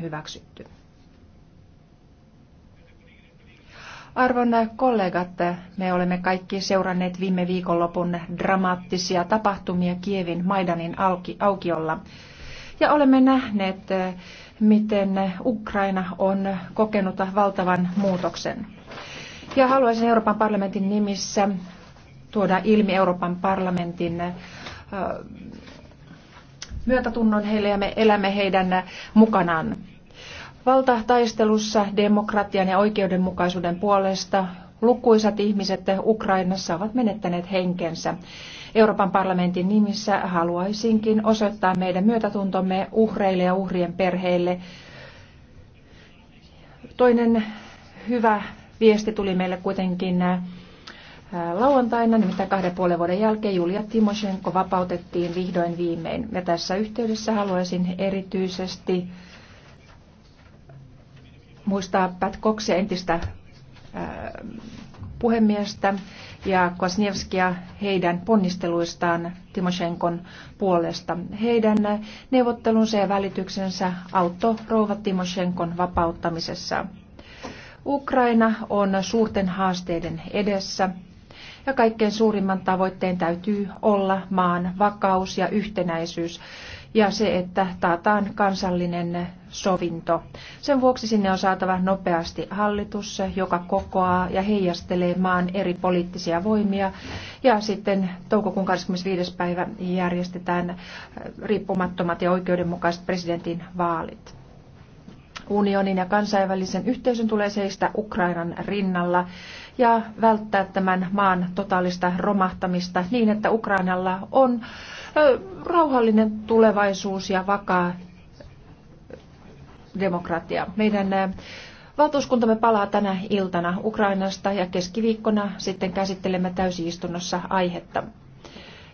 hyväksytty. Arvon kollegat, me olemme kaikki seuranneet viime viikonlopun dramaattisia tapahtumia Kievin Maidanin aukiolla. Ja olemme nähneet, miten Ukraina on kokenut valtavan muutoksen. Ja haluaisin Euroopan parlamentin nimissä tuoda ilmi Euroopan parlamentin myötätunnon heille ja me elämme heidän mukanaan. Valtataistelussa demokratian ja oikeudenmukaisuuden puolesta lukuisat ihmiset Ukrainassa ovat menettäneet henkensä. Euroopan parlamentin nimissä haluaisinkin osoittaa meidän myötätuntomme uhreille ja uhrien perheille. Toinen hyvä viesti tuli meille kuitenkin lauantaina, nimittäin kahden puolen vuoden jälkeen Julia Timoshenko vapautettiin vihdoin viimein. Ja tässä yhteydessä haluaisin erityisesti muistaa Pat Coxia entistä puhemiestä ja Kwasniewskia heidän ponnisteluistaan Timoshenkon puolesta. Heidän neuvottelunsa ja välityksensä auttoi rouva Timoshenkon vapauttamisessa. Ukraina on suurten haasteiden edessä ja kaikkein suurimman tavoitteen täytyy olla maan vakaus ja yhtenäisyys ja se, että taataan kansallinen sovinto. Sen vuoksi sinne on saatava nopeasti hallitus, joka kokoaa ja heijastelee maan eri poliittisia voimia. Ja sitten toukokuun 25. päivä järjestetään äh, riippumattomat ja oikeudenmukaiset presidentin vaalit. Unionin ja kansainvälisen yhteisön tulee seistä Ukrainan rinnalla ja välttää tämän maan totaalista romahtamista niin, että Ukrainalla on rauhallinen tulevaisuus ja vakaa demokratia. Meidän Valtuuskuntamme palaa tänä iltana Ukrainasta ja keskiviikkona sitten käsittelemme täysistunnossa aihetta.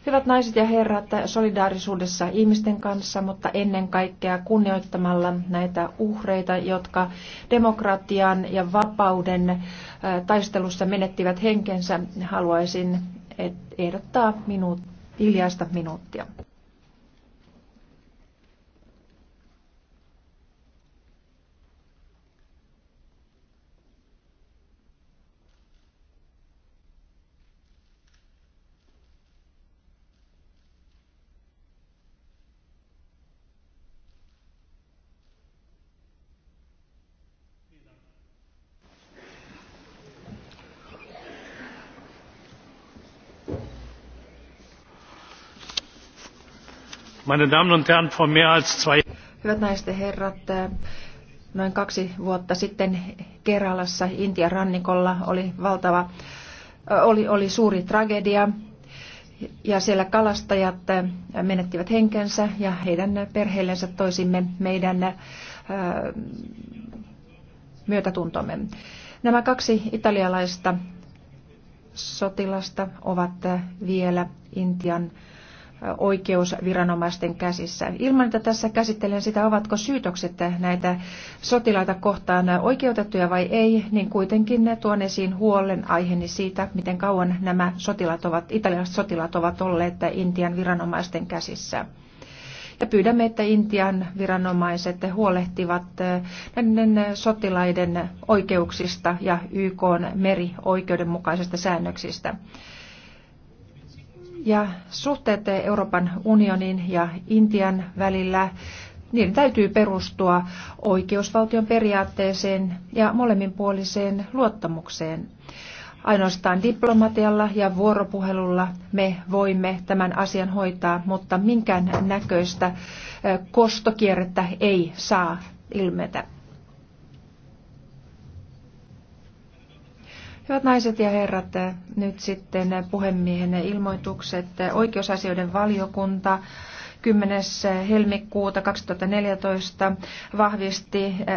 Hyvät naiset ja herrat, solidaarisuudessa ihmisten kanssa, mutta ennen kaikkea kunnioittamalla näitä uhreita, jotka demokratian ja vapauden taistelussa menettivät henkensä, haluaisin ehdottaa minuut, hiljaista minuuttia. Meine Damen und Herren, vor mehr als zwei... Hyvät naiset ja herrat, äh, noin kaksi vuotta sitten Keralassa Intian rannikolla oli valtava, oli, oli suuri tragedia ja siellä kalastajat menettivät henkensä ja heidän perheillensä toisimme meidän myötätuntomme. Nämä kaksi italialaista sotilasta ovat vielä Intian oikeusviranomaisten käsissä. Ilman, että tässä käsittelen sitä, ovatko syytökset näitä sotilaita kohtaan oikeutettuja vai ei, niin kuitenkin ne tuon esiin huolen aiheeni siitä, miten kauan nämä sotilaat ovat, italialaiset sotilaat ovat olleet Intian viranomaisten käsissä. Ja pyydämme, että Intian viranomaiset huolehtivat näiden sotilaiden oikeuksista ja YK merioikeudenmukaisista säännöksistä. Ja suhteet Euroopan unionin ja Intian välillä, niiden täytyy perustua oikeusvaltion periaatteeseen ja molemminpuoliseen luottamukseen. Ainoastaan diplomatialla ja vuoropuhelulla me voimme tämän asian hoitaa, mutta minkään näköistä kostokierrettä ei saa ilmetä. Hyvät naiset ja herrat, nyt sitten puhemiehen ilmoitukset. Oikeusasioiden valiokunta 10. helmikuuta 2014 vahvisti